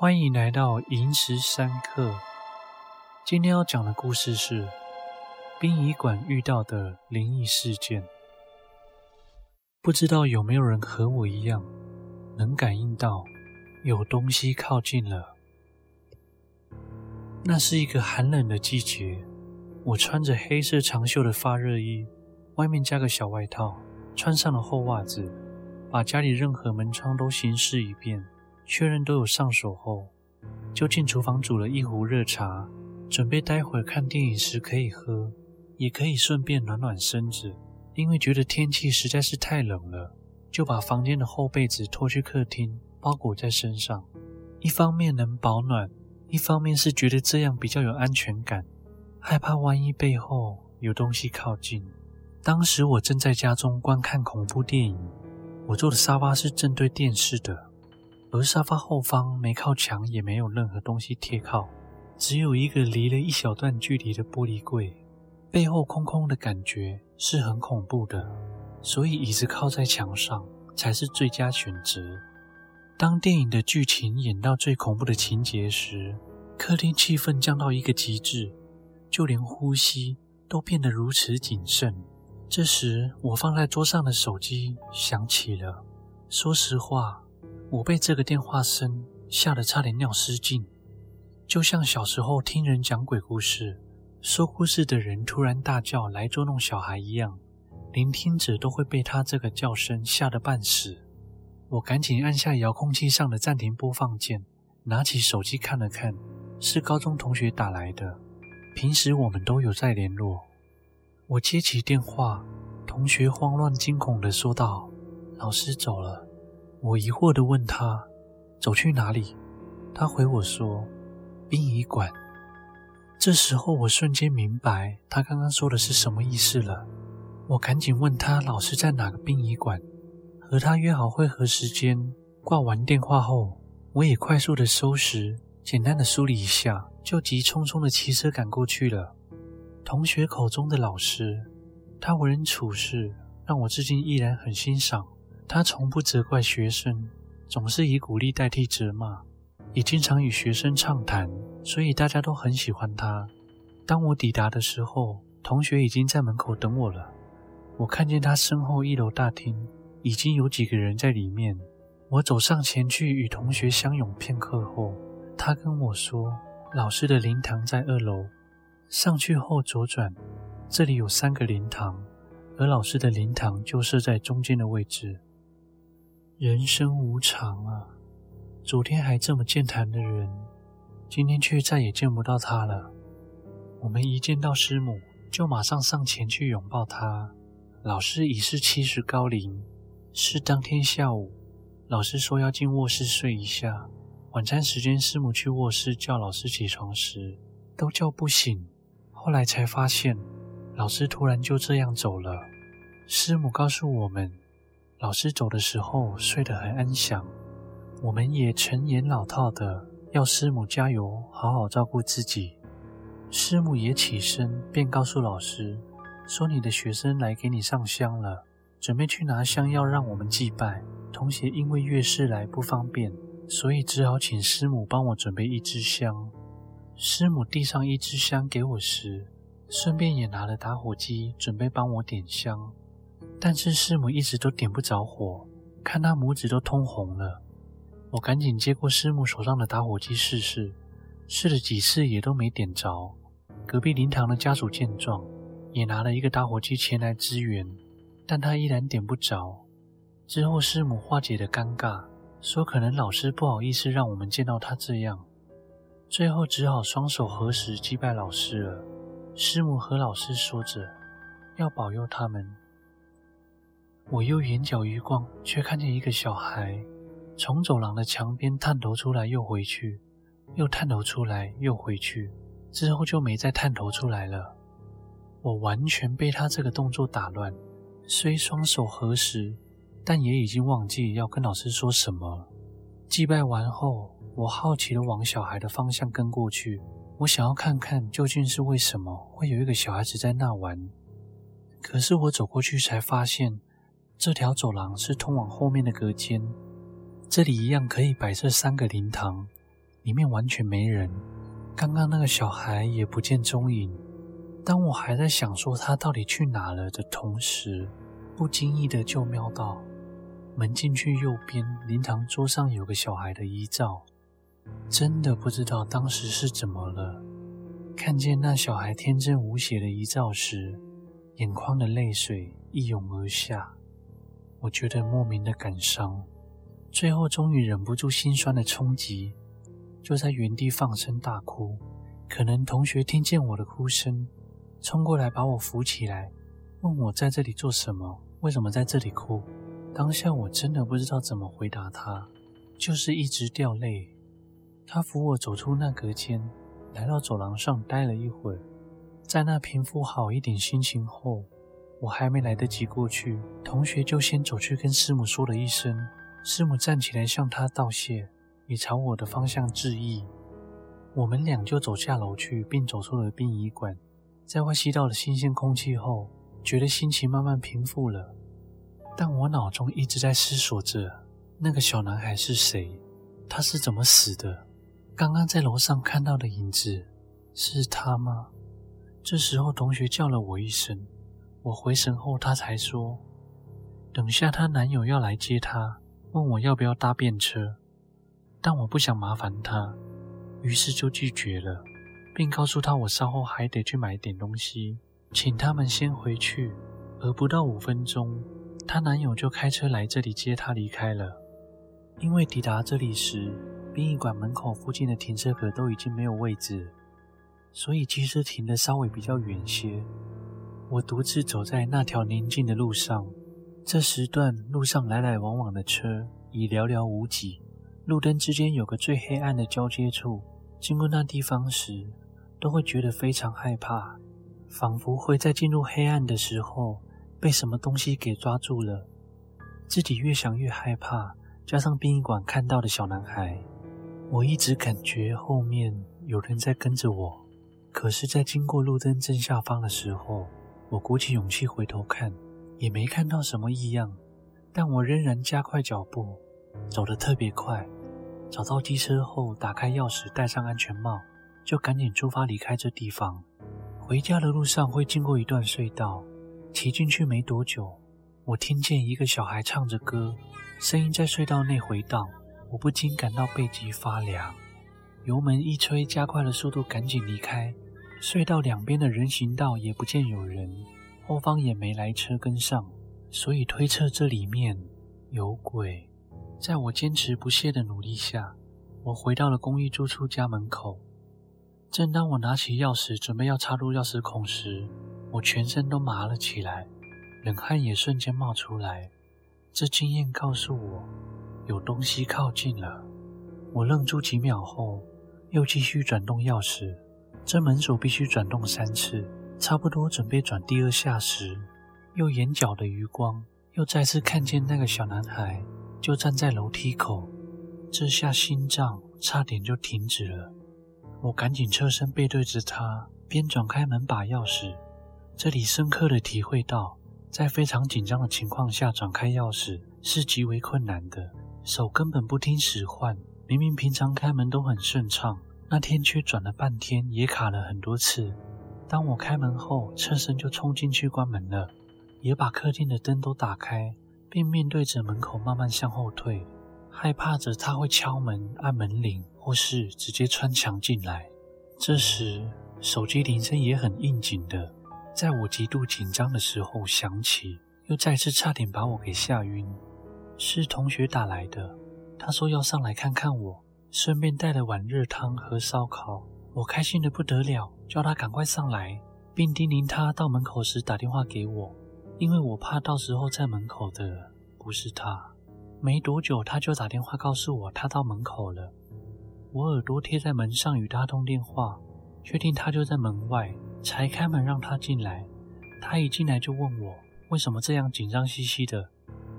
歡迎來到寅時三刻。今天要講的故事是殯儀館遇到的靈異事件。不知道有沒有人和我一樣，能感應到有東西靠近了？那是一個寒冷的季節，我穿着黑色長袖的發熱衣，外面加個小外套，穿上了厚襪子，把家裡任何門窗都巡視一遍。確認都有上鎖後，就進廚房煮了一壺熱茶，準備待會兒看電影時可以喝，也可以順便暖暖身子。因為覺得天氣實在是太冷了，就把房間的厚被子拖去客廳，包裹在身上。一方面能保暖，一方面是覺得這樣比較有安全感，害怕萬一背後有東西靠近。當時我正在家中觀看恐怖電影，我坐的沙發是正對電視的。而沙發後方沒靠牆，也沒有任何東西貼靠，只有一個離了一小段距離的玻璃櫃，背後空空的感覺是很恐怖的，所以椅子靠在牆上才是最佳選擇。當電影的劇情演到最恐怖的情節時，客廳氣氛降到一個極致，就連呼吸都變得如此謹慎。這時，我放在桌上的手機響起了，說實話。我被這個電話聲嚇得差點尿失禁，就像小時候聽人講鬼故事，說故事的人突然大叫來捉弄小孩一樣，聆聽者都會被他這個叫聲嚇得半死。我趕緊按下遙控器上的暫停播放鍵，拿起手機看了看，是高中同學打來的，平時我們都有在聯絡。我接起電話，同學慌亂驚恐地說道：“老師走了。”我疑惑地問他：“走去哪裡？”他回我說：“殯儀館。”這時候，我瞬間明白他剛剛說的是什麼意思了。我趕緊問他老師在哪個殯儀館，和他約好會合時間。掛完電話後，我也快速地收拾，簡單地梳理一下，就急匆匆地騎車趕過去了。同學口中的老師，他為人處事，讓我至今依然很欣賞。他從不責怪學生，總是以鼓勵代替責罵，也經常與學生暢談，所以大家都很喜歡他。當我抵達的時候，同學已經在門口等我了。我看見他身後一樓大廳已經有幾個人在裡面。我走上前去與同學相擁片刻後，他跟我說：“老師的靈堂在二樓，上去後左轉，這裡有三個靈堂，而老師的靈堂就設在中間的位置。”人生無常啊！昨天還這麼健談的人，今天卻再也見不到他了。我們一見到師母，就馬上上前去擁抱她。老師已是七十高齡，是當天下午，老師說要進臥室睡一下。晚餐時間，師母去臥室叫老師起床時，都叫不醒。後來才發現，老師突然就這樣走了。師母告訴我們。老師走的時候睡得很安詳，我們也陳年老套的要師母加油，好好照顧自己。師母也起身便告訴老師說：“你的學生來給你上香了，準備去拿香要讓我們祭拜。同學因為月事來不方便，所以只好請師母幫我準備一支香。”師母遞上一支香給我時，順便也拿了打火機，準備幫我點香。但是師母一直都點不着火，看她拇指都通紅了，我趕緊接過師母手上的打火機試試，試了幾次也都沒點着。隔壁靈堂的家屬見狀，也拿了一個打火機前來支援，但他依然點不着。之後師母化解了尷尬，說可能老師不好意思讓我們見到他這樣，最後只好雙手合十祭拜老師了。師母和老師說着，要保佑他們。我右眼角餘光，卻看見一個小孩從走廊的牆邊探頭出來，又回去，又探頭出來，又回去，之後就沒再探頭出來了。我完全被他這個動作打亂，雖雙手合十，但也已經忘記要跟老師說什麼。祭拜完後，我好奇的往小孩的方向跟過去，我想要看看究竟是為什麼會有一個小孩子在那玩。可是我走過去才發現。這條走廊是通往後面的隔間，這裡一樣可以擺設三個靈堂，裡面完全沒人。剛剛那個小孩也不見蹤影。當我還在想說他到底去哪了的同時，不經意的就瞄到門進去右邊靈堂桌上有個小孩的遺照，真的不知道當時是怎麼了。看見那小孩天真無邪的遺照時，眼眶的淚水一湧而下。我覺得莫名的感傷，最後終於忍不住心酸的衝擊，就在原地放聲大哭。可能同學聽見我的哭聲，衝過來把我扶起來，問我在這裡做什麼，為什麼在這裡哭。當下我真的不知道怎麼回答他，就是一直掉淚。他扶我走出那隔間，來到走廊上待了一會兒，在那平復好一點心情後。我還沒來得及過去，同學就先走去跟師母說了一聲。師母站起來向他道謝，也朝我的方向致意。我們倆就走下樓去，並走出了殯儀館。在外吸到了新鮮空氣後，覺得心情慢慢平復了。但我腦中一直在思索着：那個小男孩是誰？他是怎麼死的？剛剛在樓上看到的影子是他嗎？這時候，同學叫了我一聲。我回神後，她才說：“等下她男友要來接她，問我要不要搭便車，但我不想麻煩她，於是就拒絕了，並告訴她我稍後還得去買點東西，請他們先回去。而不到五分鐘，她男友就開車來這裡接她離開了。因為抵達這裡時，殯儀館門口附近的停車格都已經沒有位置，所以其實停的稍微比較遠些。”我獨自走在那條寧靜的路上，這時段路上來來往往的車已寥寥無幾。路燈之間有個最黑暗的交接處，經過那地方時，都會覺得非常害怕，仿佛會在進入黑暗的時候被什麼東西給抓住了。自己越想越害怕，加上殯儀館看到的小男孩，我一直感覺後面有人在跟着我。可是，在經過路燈正下方的時候，我鼓起勇氣回頭看，也沒看到什麼異樣，但我仍然加快腳步，走得特別快。找到機車後，打開鑰匙，戴上安全帽，就趕緊出發離開這地方。回家的路上會經過一段隧道，騎進去沒多久，我聽見一個小孩唱着歌，聲音在隧道內回蕩，我不禁感到背脊發涼。油門一吹，加快了速度，趕緊離開。隧道兩邊的人行道也不見有人，後方也沒來車跟上，所以推測這裡面有鬼。在我堅持不懈的努力下，我回到了公寓租處家門口。正當我拿起鑰匙準備要插入鑰匙孔時，我全身都麻了起來，冷汗也瞬間冒出來。這經驗告訴我，有東西靠近了。我愣住幾秒後，又繼續轉動鑰匙。這門鎖必須轉動三次，差不多準備轉第二下時，右眼角的餘光又再次看見那個小男孩就站在樓梯口，這下心臟差點就停止了。我趕緊側身背對着他，邊轉開門把鑰匙。這裡深刻的體會到，在非常緊張的情況下轉開鑰匙是極為困難的，手根本不聽使喚，明明平常開門都很順暢。那天卻轉了半天，也卡了很多次。當我開門後，側身就衝進去關門了，也把客廳的燈都打開，並面對着門口慢慢向後退，害怕着他會敲門、按門鈴，或是直接穿牆進來。這時，手機鈴聲也很應景的，在我極度緊張的時候響起，又再次差點把我給嚇暈。是同學打來的，他說要上來看看我。順便帶了碗熱湯和燒烤，我開心得不得了，叫他趕快上來，並叮嚀他到門口時打電話給我，因為我怕到時候在門口的不是他。沒多久，他就打電話告訴我他到門口了。我耳朵貼在門上與他通電話，確定他就在門外，才開門讓他進來。他一進來就問我為什麼這樣緊張兮兮的，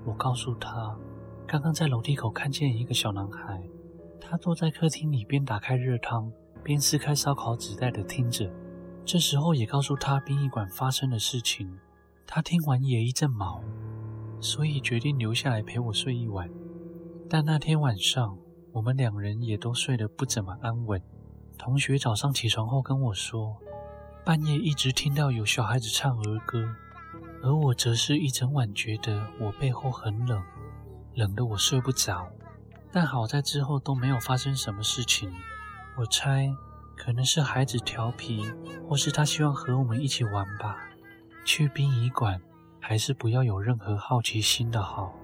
我告訴他，剛剛在樓梯口看見一個小男孩。他坐在客廳裡，邊打開熱湯，邊撕開燒烤紙袋的，聽着。這時候也告訴他殯儀館發生的事情。他聽完也一陣毛，所以決定留下來陪我睡一晚。但那天晚上，我們兩人也都睡得不怎麼安穩。同學早上起床後跟我說，半夜一直聽到有小孩子唱兒歌，而我則是一整晚覺得我背後很冷，冷得我睡不着。但好在之後都沒有發生什麼事情，我猜可能是孩子調皮，或是他希望和我們一起玩吧。去殯儀館，還是不要有任何好奇心的好。